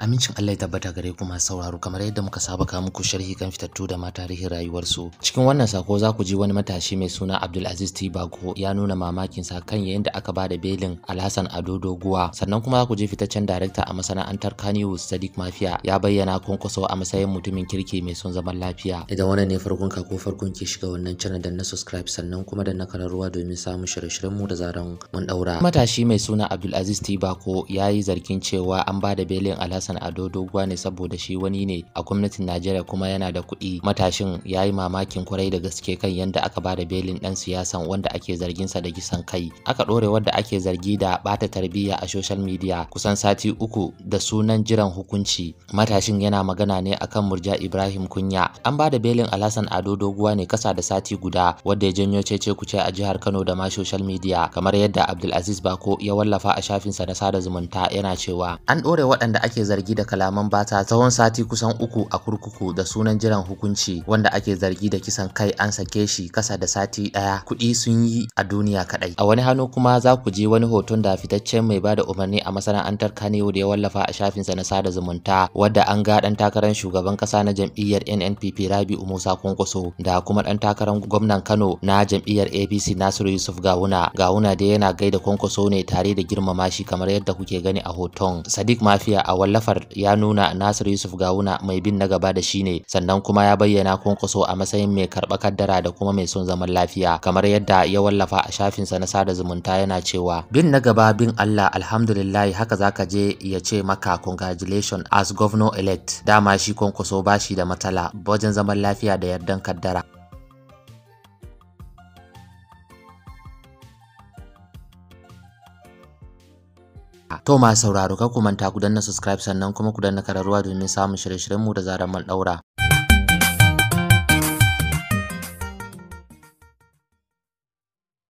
Amincin Allah ya tabbata gare ku masu sauraro kamar yadda muka saba ka muku sharhi kan fitattu da ma tarihin rayuwarsu. Cikin wannan sako za ku ji wani matashi mai suna abdul tiba Tibago ya nuna mamakin sa kan yayin da aka bada belin Alhassan Ado Doguwa. Sannan kuma za ku ji fitaccen director a masana'antar Kannywood Sadiq Mafia ya bayyana kwankwaso a matsayin mutumin kirki mai son zaman lafiya. Idan wannan ne farkon ka ko farkon ke shiga wannan channel dan na subscribe sannan kuma da na kararruwa domin samun shirye-shiryen mu da zaran mun daura. Matashi mai suna Abdulaziz Tibago ya yi zargin cewa an bada belin Alhassan Hassan Ado Doguwa ne saboda shi wani ne a gwamnatin Najeriya kuma yana da kuɗi matashin ya yi mamakin kwarai da gaske kan yadda aka bada belin ɗan siyasan wanda ake zarginsa da gisan kai aka dore wadda ake zargi da bata tarbiyya a social media kusan sati uku da sunan jiran hukunci matashin yana magana ne akan Murja Ibrahim Kunya an bada belin Alhassan Ado Doguwa ne kasa da sati guda wanda ya janyo cece kuce a jihar Kano da ma social media kamar yadda Abdulaziz Bako ya wallafa a shafinsa na sada zumunta yana cewa an ɗore waɗanda ake zargi zargi da kalaman bata tsawon sati kusan uku a kurkuku da sunan jiran hukunci wanda ake zargi da kisan kai an sake shi kasa da sati daya kuɗi sun yi a duniya kadai a wani hannu kuma za ku je wani hoton da fitaccen mai bada umarni a masana'antar Kanewo da ya wallafa a shafinsa na sada zumunta wadda an ga dan takarar shugaban kasa na jam'iyyar NNPP Rabi'u Musa Kwankwaso da kuma dan takarar gwamnan Kano na jam'iyyar APC Nasiru Yusuf Gawuna Gawuna da yana gaida Kwankwaso ne tare da girmama shi kamar yadda kuke gani a hoton Sadiq mafia a wallafa Jafar ya nuna Nasir Yusuf Gawuna mai bin na gaba da shi ne sannan kuma ya bayyana Kwankwaso a matsayin mai karɓa kaddara da kuma mai son zaman lafiya kamar yadda ya wallafa a shafin sa na sada zumunta yana cewa bin na gaba bin Allah alhamdulillah haka zaka je ya ce maka congratulations as governor elect dama shi Kwankwaso bashi da matsala wajen zaman lafiya da yardan kaddara. To masu sauraro ka ku manta ku danna subscribe sannan kuma ku danna kararruwa domin samun shirye-shiryenmu da zarar mun daura.